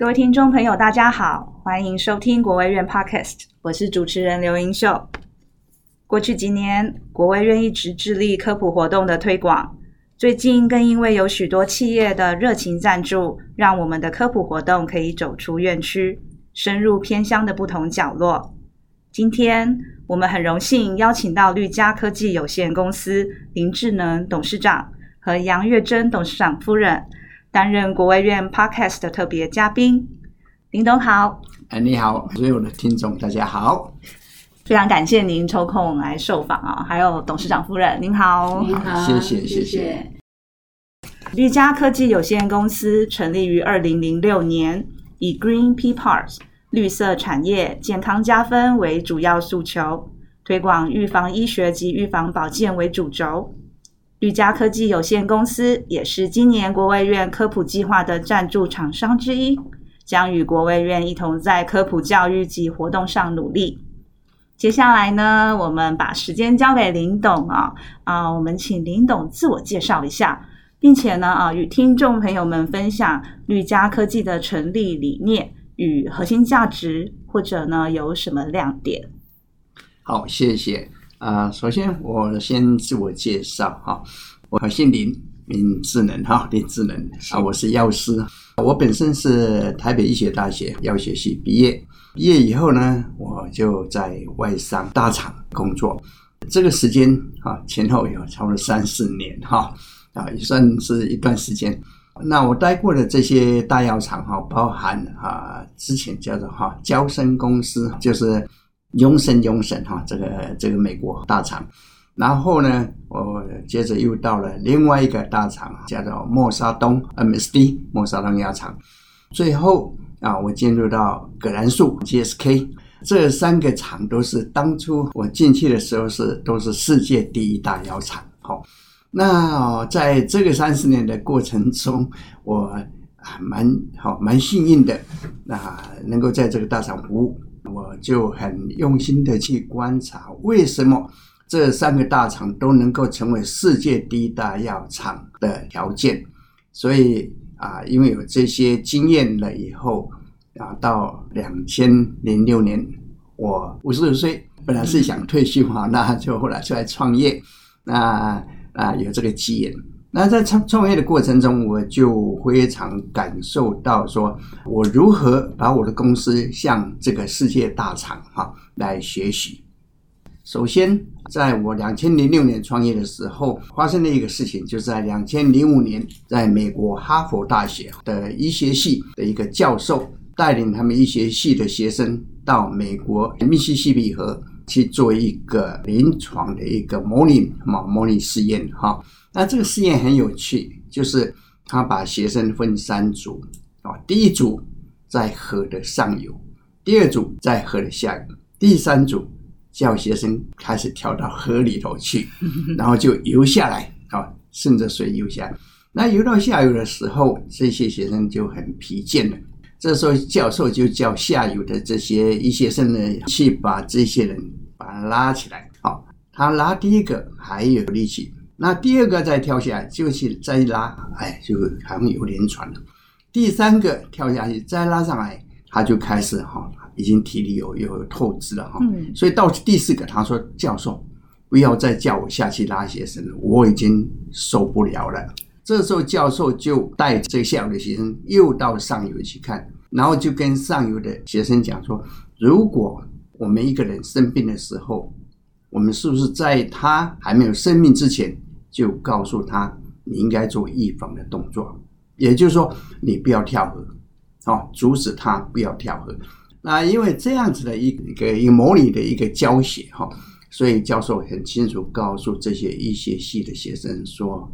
各位聽眾朋友，大家好，歡迎收聽國衛院 Podcast，我是主持人劉英秀。過去幾年，國衛院一直致力科普活動的推廣，最近更因為有許多企業的熱情贊助，讓我們的科普活動可以走出院區，深入偏鄉的不同角落。今天我們很榮幸邀請到綠加科技有限公司林志能董事長和楊玥貞董事長夫人。擔任國衛院 Podcast 特別嘉賓，林董好。哎，你好，所有的聽眾大家好，非常感謝您抽空來受訪啊！還有董事長夫人您好，您好，謝謝好好謝謝。綠加科技有限公司成立於二零零六年，以 Green People 綠色產業、健康加分為主要訴求，推廣預防醫學及預防保健為主軸。綠加科技有限公司也是今年國衛院科普計劃的贊助廠商之一，將與國衛院一同在科普教育及活動上努力。接下來呢，我們把時間交給林董啊啊，我們請林董自我介紹一下，並且呢啊，與聽眾朋友們分享綠加科技的成立理念與核心價值，或者呢有什麼亮點？好，謝謝。啊，首先我先自我介紹哈，我姓林，林志能哈，林志能啊，是我是藥師，我本身是台北醫學大學藥學系畢業，畢業以後呢，我就在外商大廠工作，這個時間啊前後有差不多三四年哈，啊也算是一段時間。那我待過的這些大藥廠哈，包含啊之前叫做哈交生公司，就是。永生永生哈，這個這個美國大廠，然後呢，我接着又到了另外一個大廠，叫做莫沙東 （M.S.D.） 莫沙東藥廠。最後啊，我進入到葛蘭素 （G.S.K.），這三個廠都是當初我進去的時候是都是世界第一大藥廠。好，那在這個三十年的過程中，我還蠻好蠻幸運的，那能夠在這個大廠服務。我就很用心的去觀察，為什麼這三個大廠都能夠成為世界第一大藥廠的條件？所以啊，因為有這些經驗了以後，啊，到兩千零六年，我五十五歲，本來是想退休哈、啊，那就後來出來創業，那啊，啊，啊、有這個機緣。那在創創業的過程中，我就非常感受到，說我如何把我的公司向這個世界大廠哈來學習。首先，在我兩千零六年創業的時候，發生了一個事情，就是在兩千零五年，在美國哈佛大學的醫學系的一個教授，帶領他們醫學系的學生到美國密西西比河去做一個臨床的一個模擬嘛模擬試驗哈。那這個實驗很有趣，就是他把學生分三組，啊，第一組在河的上游，第二組在河的下游，第三組叫學生開始跳到河裡頭去，然後就游下來，啊、 哦，順着水游下。那游到下游的時候，這些學生就很疲倦了。這時候教授就叫下游的這些一些學生呢，去把這些人把他拉起來，好，哦，他拉第一個還有力氣。那第二個再跳下來就是再拉，哎，就好像有點喘了。第三個跳下去再拉上來，他就開始哈，已經體力有有透支了哈。嗯。所以到第四個，他說：“教授，不要再叫我下去拉學生了，我已經受不了了。”這個時候，教授就帶着下游的學生又到上游去看，然後就跟上游的學生講說：“如果我們一個人生病的時候，我們是不是在他還沒有生病之前？”就告訴他，你應該做預防的動作，也就是說，你不要跳河，好、哦，阻止他不要跳河。那因為這樣子的一個一個模擬的一個教學哈、哦，所以教授很清楚告訴這些醫學系的學生說，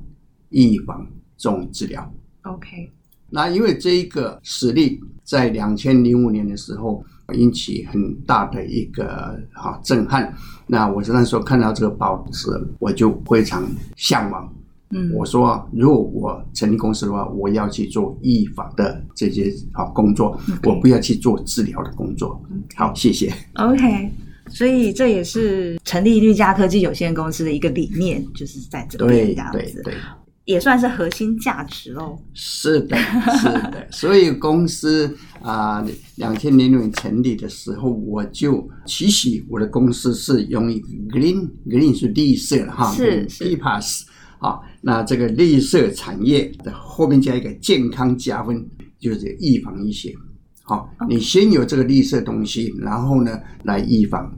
預防重於治療。OK，那因為這一個實例在兩千零五年的時候。引起很大的一個好震撼。那我那時候看到這個報紙，我就非常向往。嗯，我說如果我成立公司的話，我要去做預防的這些好工作，Okay 我不要去做治療的工作。Okay 好，謝謝。OK，所以這也是成立綠加科技有限公司的一個理念，就是在這，這對呀，對對，也算是核心價值嘍、哦。是的，是的，所以公司。 啊，兩千年成立的時候，我就其實我的公司是用一個 green，green green 是綠色哈，是是 E Plus 好，是，那這個綠色產業的後面加一個健康加分，就是預防醫學，好，Okay. 你先有這個綠色東西，然後呢來預防，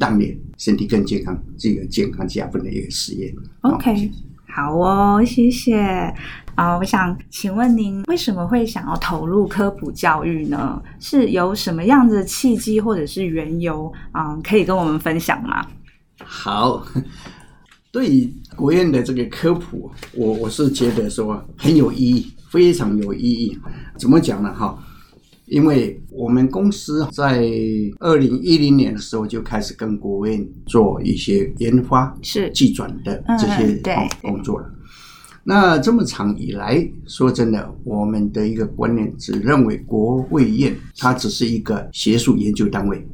讓你身體更健康，這個健康加分的一個事業。OK。謝謝。好哦，謝謝啊！我想請問您，為什麼會想要投入科普教育呢？是有什麼樣子的契機或者是緣由啊、嗯？可以跟我們分享嗎？好，對於國衛院的這個科普，我我是覺得說很有意義，非常有意義。怎麼講呢？哈。因為我們公司在二零一零年的時候就開始跟國衛院做一些研發，是技轉的這些工作了。嗯、那這麼長以來說真的，我們的一個觀念只認為國衛院它只是一個學術研究單位，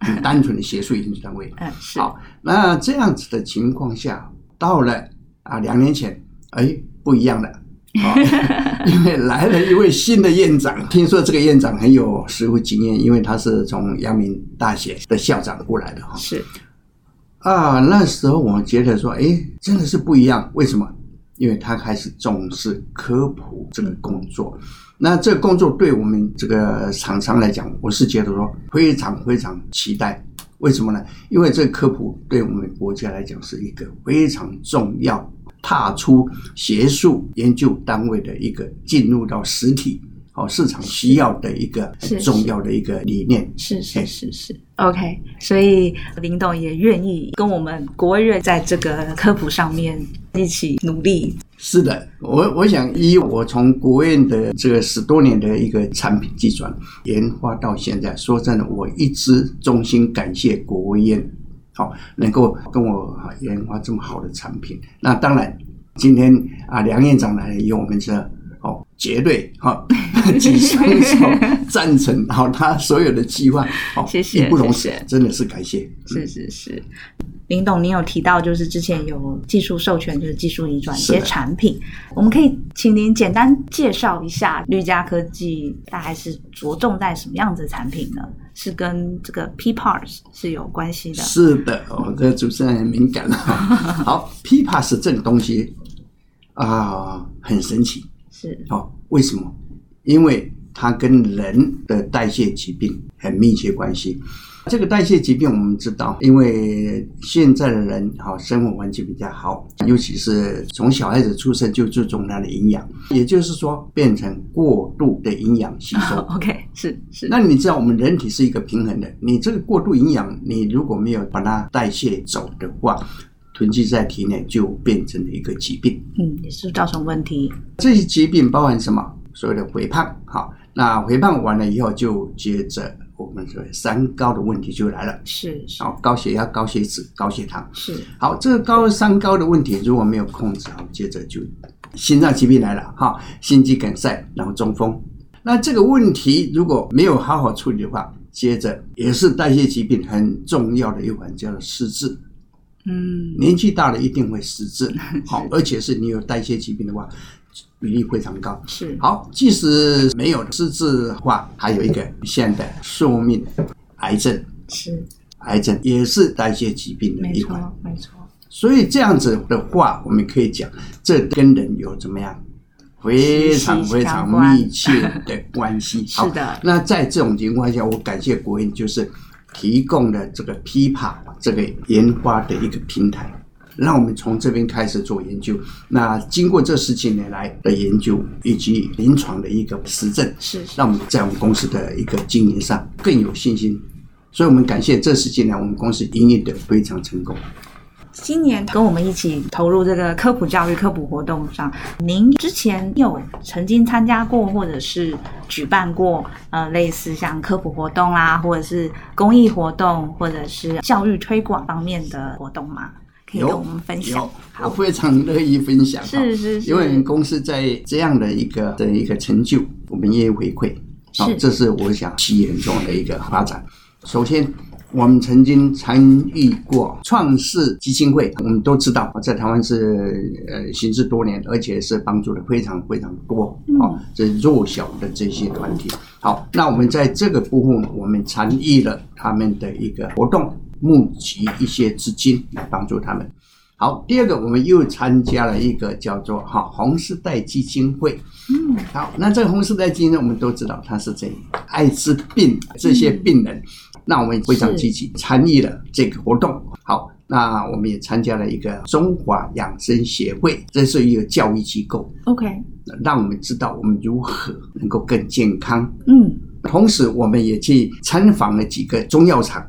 很單純的學術研究單位。嗯，是。好，那這樣子的情況下，到了啊兩年前，哎，不一樣了。啊， 因為來了一位新的院長，聽說這個院長很有實務經驗，因為他是從陽明大學的校長過來的哈。是啊，那時候我覺得說，哎、欸，真的是不一樣。為什麼？因為他開始重視科普這個工作。那這個工作對我們這個廠商來講，我是覺得說非常非常期待。為什麼呢？因為這個科普對我們國家來講是一個非常重要。踏出學術研究單位的一個，進入到實體哦市場需要的一個很重要的一個理念，是是是是，是，是，是，OK，所以林董也願意跟我們國衛院在這個科普上面一起努力。是的，我我想，以我從國衛院的這個十多年的一個產品技術研發到現在，說真的，我一直衷心感謝國衛院。好，能夠跟我研發這麼好的產品，那當然，今天啊，梁院長來，由我們這好，絕對哈舉雙手贊成，好，他所有的計劃，好， 謝謝，不用謝、謝，真的是感謝，是是是，林董，您有提到就是之前有技術授權，就是技術移轉一些產品，的我們可以請您簡單介紹一下綠加科技，大概是着重在什麼樣子的產品呢？是跟這個 PPARs 是有關係的。是的，我的主持人很敏感了。 好，PPARs 這個東西啊，很神奇。是，好、哦，為什麼？因為，它跟人的代謝疾病很密切關係。這個代謝疾病，我們知道，因為現在的人哈、哦、生活環境比較好，尤其是從小孩子出生就注重他的營養，也就是說變成過度的營養吸收。哦、OK，是是。那你知道我們人體是一個平衡的，你這個過度營養，你如果沒有把它代謝走的話，囤積在體內就變成了一個疾病。嗯，也是造成問題。這些疾病包含什麼？所謂的肥胖，好、哦。那肥胖完了以後，就接着我們所謂三高的問題就來了，是，然後高血壓、高血脂、高血糖，是。好，這個高三高的問題如果沒有控制，好，接着就心臟疾病來了，哈，心肌梗塞，然後中風。那這個問題如果沒有好好處理的話，接着也是代謝疾病很重要的一環，叫做失智。嗯，年紀大了一定會失智，好，而且是你有代謝疾病的話。比例非常高，是，好，即使沒有自治化，還有一個有限的壽命。癌症是癌症，也是代謝疾病的一環，沒錯。所以這樣子的話，我們可以講，這跟人有怎麼樣非常非常密切的關係。好 是的。那在這種情況下，我感謝國衛院，就是提供了這個批判這個研發的一個平台。讓我們從這邊開始做研究。那經過這十幾年來的研究以及臨床的一個實證，是讓我們在我們公司的一個經營上更有信心。所以，我們感謝這十幾年我們公司營業的非常成功。今年跟我們一起投入這個科普教育、科普活動上，您之前有曾經參加過或者是舉辦過呃類似像科普活動啦、啊，或者是公益活動，或者是教育推廣方面的活動嗎？有我們分享有，有好非常樂意分享。是，是，是因為公司在這樣的一個的一個成就，我們也有回饋。好是，這是我想企業重要的一個發展。首先，我們曾經參與過創世基金會，我們都知道，在台灣是呃行事多年，而且是幫助了非常非常多啊這、嗯哦就是、弱小的這些團體。好，那我們在這個部分，我們參與了他們的一個活動。募集一些資金來幫助他們。好，第二個，我們又參加了一個叫做“哈紅絲帶基金會”。嗯，好，那這個紅絲帶基金呢，我們都知道它是這艾滋病這些病人，那我們非常積極參與了這個活動。好，那我們也參加了一個中華養生協會，這是一個教育機構。OK，讓我們知道我們如何能夠更健康。嗯，同時，我們也去參訪了幾個中藥廠。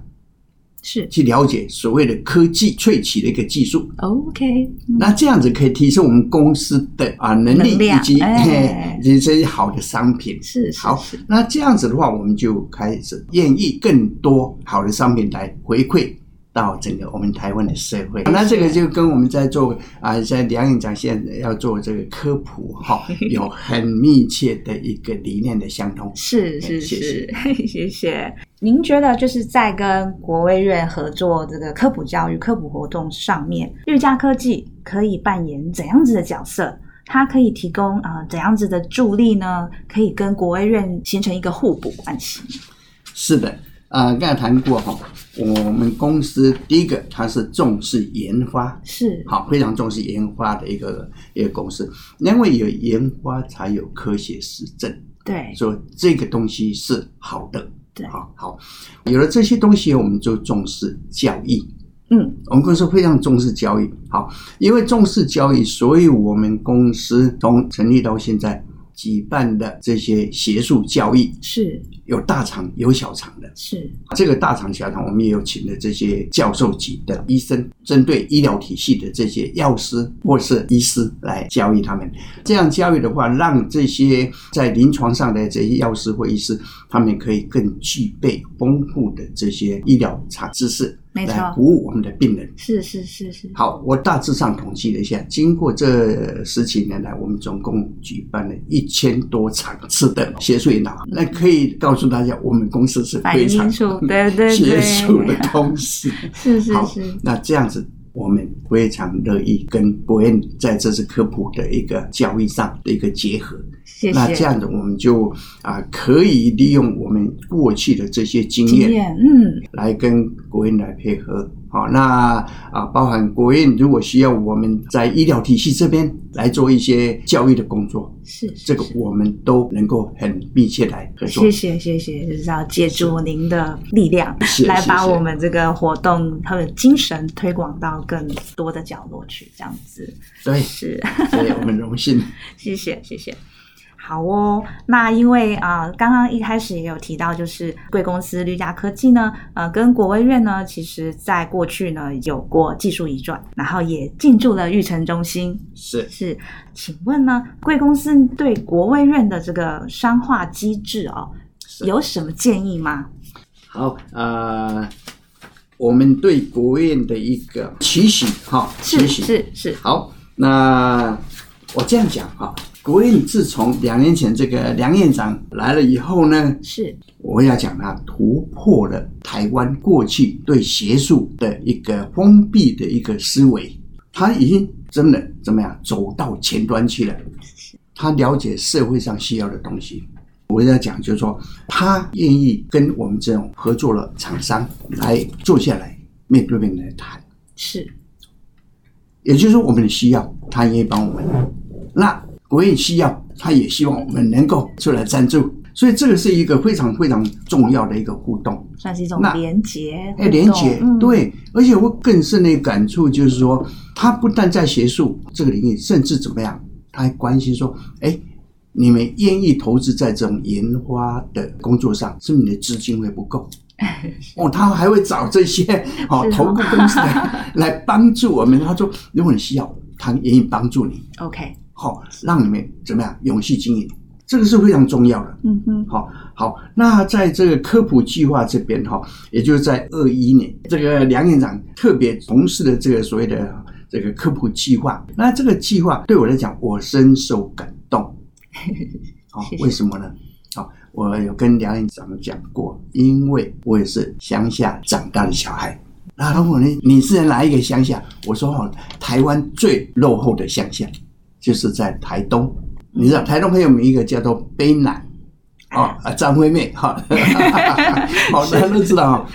是去了解所謂的科技萃取的一個技術，OK、嗯。那這樣子可以提升我們公司的啊能力，以及以及這些好的商品。是、是、是，好，那這樣子的話，我們就開始願意更多好的商品來回饋到整個我們台灣的社會，的那這個就跟我們在做啊，在梁院長現在要做這個科普哈、哦，有很密切的一個理念的相通。 是、嗯、謝謝，是是，謝謝。您覺得就是在跟國衛院合作這個科普教育、科普活動上面，綠加科技可以扮演怎樣子的角色？它可以提供啊、呃、怎樣子的助力呢？可以跟國衛院形成一個互補關係？是的。啊、呃，剛才談過哈、哦，我們公司第一個，它是重視研發，是，好，非常重視研發的一個一個公司，因為有研發才有科學實證，對，所以這個東西是好的，對，好，好。有了這些東西，我們就重視教育。嗯，我們公司非常重視教育。好，因為重視教育，所以我們公司從成立到現在舉辦的這些學術教育。是。有大廠有小廠的是，是這個大廠小廠，我們也有請的這些教授級的醫生，針對醫療體系的這些藥師或是醫師來教育他們。這樣教育的話，讓這些在臨床上的這些藥師或醫師，他們可以更具備豐富的這些醫療知識，來服務我們的病人。是是是是。好，我大致上統計了一下，經過這十幾年來，我們總共舉辦了一千多場次的學術研討會，那可以到。告訴大家，我們公司是非常學術的東西。是是是，那這樣子，我們非常樂意跟波恩在這次科普的一個教育上的一個結合。謝謝那這樣子，我們就啊可以利用我們過去的這些經驗，嗯，來跟國衛院來配合。好，那啊，包含國衛院如果需要我們在醫療體系這邊來做一些教育的工作，是,是,是這個我們都能夠很密切來合作。謝謝謝謝，就是要借助您的力量是是 來把我們這個活動它的精神推廣到更多的角落去，這樣子。對，是，所以我們榮幸 謝謝。謝謝謝謝。好哦，那因為啊、呃，剛剛一開始也有提到，就是貴公司綠加科技呢，呃，跟國衛院呢，其實在過去呢有過技術移轉然後也進駐了育成中心，是是，請問呢，貴公司對國衛院的這個商化機制啊、哦，是有什麼建議嗎？好，呃，我們對國衛院的一個期許哈、哦，期許是是,是好，那我這樣講哈。哦國衛院自從兩年前這個梁院長來了以後呢，是，我要講他突破了台灣過去對學術的一個封閉的一個思維，他已經真的怎麼樣走到前端去了。他了解社會上需要的東西，我要講就是說，他願意跟我們這種合作的廠商來坐下來面對面來談，是，也就是說我們的需要，他願意幫我們，那。我也需要，他也希望我們能夠出來贊助，嗯、所以這個是一個非常非常重要的一個互動，算是一種連接，欸、連接，對。而且我更深的感觸就是說，嗯、他不但在學術這個領域，甚至怎麼樣，他還關心說：“哎、欸，你們願意投資在這種研發的工作上，是不是你的資金會不夠哦，他還會找這些哦，投顧公司來幫助我們。”他說：“如果你需要，他願意幫助你。”OK。好、哦，讓你們怎麼樣永續經營，這個是非常重要的。嗯哼，好、哦，好。那在這個科普計劃這邊，哈，也就是在二一年，這個梁院長特別從事的這個所謂的這個科普計劃，那這個計劃對我來講，我深受感動。 哦，為什麼呢？ 哦，我有跟梁院長講過，因為我也是鄉下長大的小孩。那他問你你是哪一個鄉下？我說哦，台灣最落後的鄉下。就是在台東，你知道台東很有名一個叫做卑南，哦，啊張惠妹哈，好，大家都知道哈，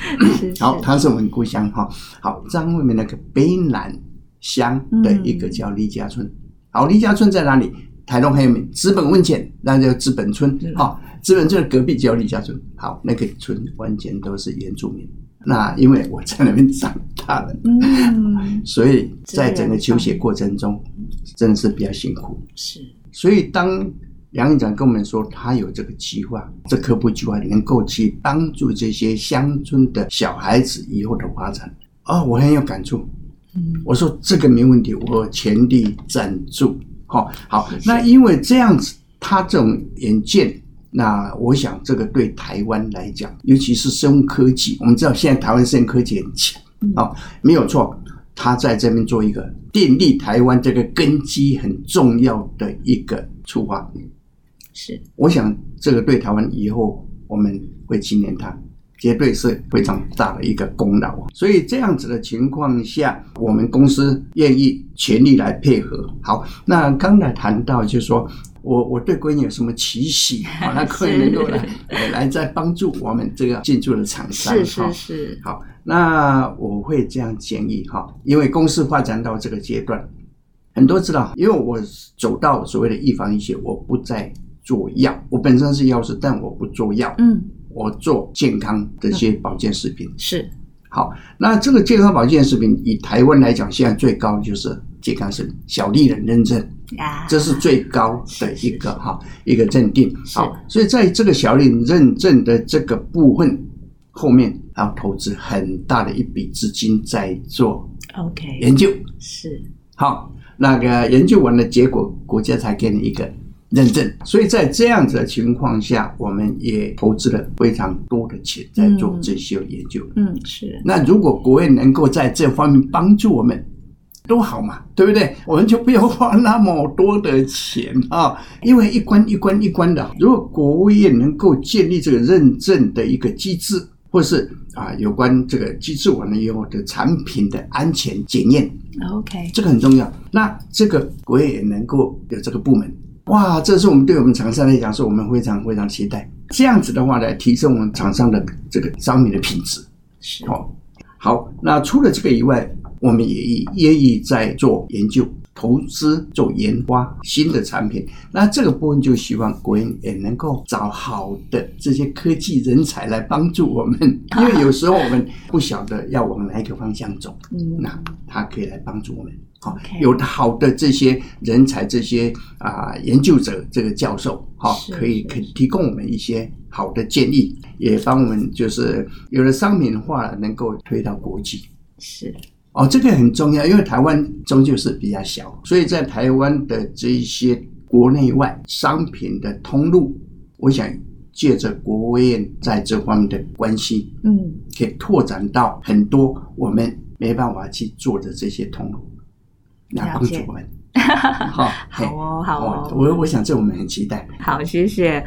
好 是，他、哦、是我們故鄉哈，好張、哦哦、惠妹那個卑南鄉的一個叫利嘉村，嗯、好，利嘉村在哪裡？台東很有名，知本溫泉，那叫知本村，好，知是、哦、本村的隔壁叫利嘉村，好，那個村完全都是原住民，那因為我在那邊長大了，嗯、所以在整個求學過程中。嗯嗯真的是比較辛苦，是。所以當楊院長跟我們說他有這個計劃，這科普計劃能夠去幫助這些鄉村的小孩子以後的發展哦，我很有感觸。嗯，我說這個沒問題，我全力贊助。哦。好，好是。那因為這樣子，他這種遠見，那我想這個對台灣來講，尤其是生物科技，我們知道現在台灣生物科技很強，哦，沒有錯。他在這邊做一個奠定台灣這個根基很重要的一個出發點，是。我想這個對台灣以後，我們會紀念他，絕對是非常大的一個功勞。所以這樣子的情況下，我們公司願意全力來配合。好，那剛才談到就是說我我對國衛院有什麼期許， 是那客人又來來在幫助我們這個進駐的廠商，是是是，好。那我會這樣建議哈，因為公司發展到這個階段，很多知道，因為我走到所謂的預防醫學，我不再做藥，我本身是藥師，但我不做藥，嗯，我做健康的一些保健食品、嗯、是。好，那這個健康保健食品以台灣來講，現在最高就是健康食品小綠人認證，啊，這是最高的一個哈、啊、一個認定，是好，所以在這個小綠人認證的這個部分，後面要投資很大的一筆資金在做，OK，研究 okay, 是，好。那個研究完了結果，國家才給你一個認證。所以在這樣子的情況下，我們也投資了非常多的錢在做這些研究。嗯，嗯，是。那如果國衛院能夠在這方面幫助我們，都好嘛，對不對？我們就不要花那麼多的錢啊、哦，因為一關一關一關的。如果國衛院能夠建立這個認證的一個機制。或是啊，有關這個機制完了以後的產品的安全檢驗，OK，這個很重要。那這個我也能夠有這個部門，哇，這是我們對我們廠商來講，是我們非常非常期待。這樣子的話呢，來提升我們廠商的這個商品的品質，好的、哦。好，那除了這個以外，我們也也意在做研究。投資做研發新的產品，那這個部分就希望國衛院也能夠找好的這些科技人才來幫助我們，因為有時候我們不曉得要往哪一個方向走， 那他可以來幫助我們。好，Okay. 有好的這些人才，這些啊研究者、這個教授，好，可以可以提供我們一些好的建議，也幫我們就是有了商品化，能夠推到國際。是。哦，這個很重要，因為台灣終究是比較小，所以在台灣的這些國內外商品的通路，我想借着國衛院在這方面的關係，嗯，可以拓展到很多我們沒辦法去做的這些通路，那幫助我們， 好、哦，嘿好哦，好哦，我我想這我們很期待。好，謝謝。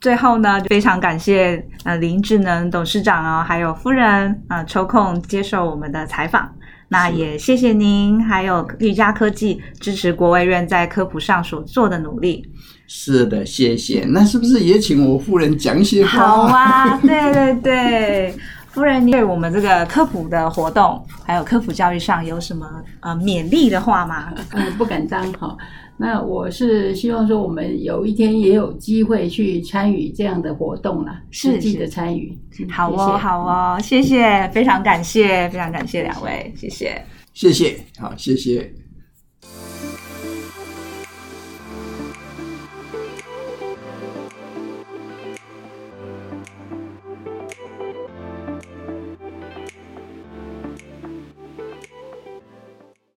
最後呢，非常感謝林志能董事長啊、哦，還有夫人啊抽空接受我們的採訪。那也謝謝您，嗎還有綠加科技支持國衛院在科普上所做的努力。是的，謝謝。那是不是也請我夫人講一些話？好啊，對對對，夫人，對我們這個科普的活動還有科普教育上有什麼呃勉勵的話嗎、？ 嗯，不敢當，口、哦。那我是希望說，我們有一天也有機會去參與這樣的活動啦，實際是的參與。好哦，好哦，謝謝，非常感謝，非常感謝兩位，謝謝，謝謝，謝謝，好，謝謝。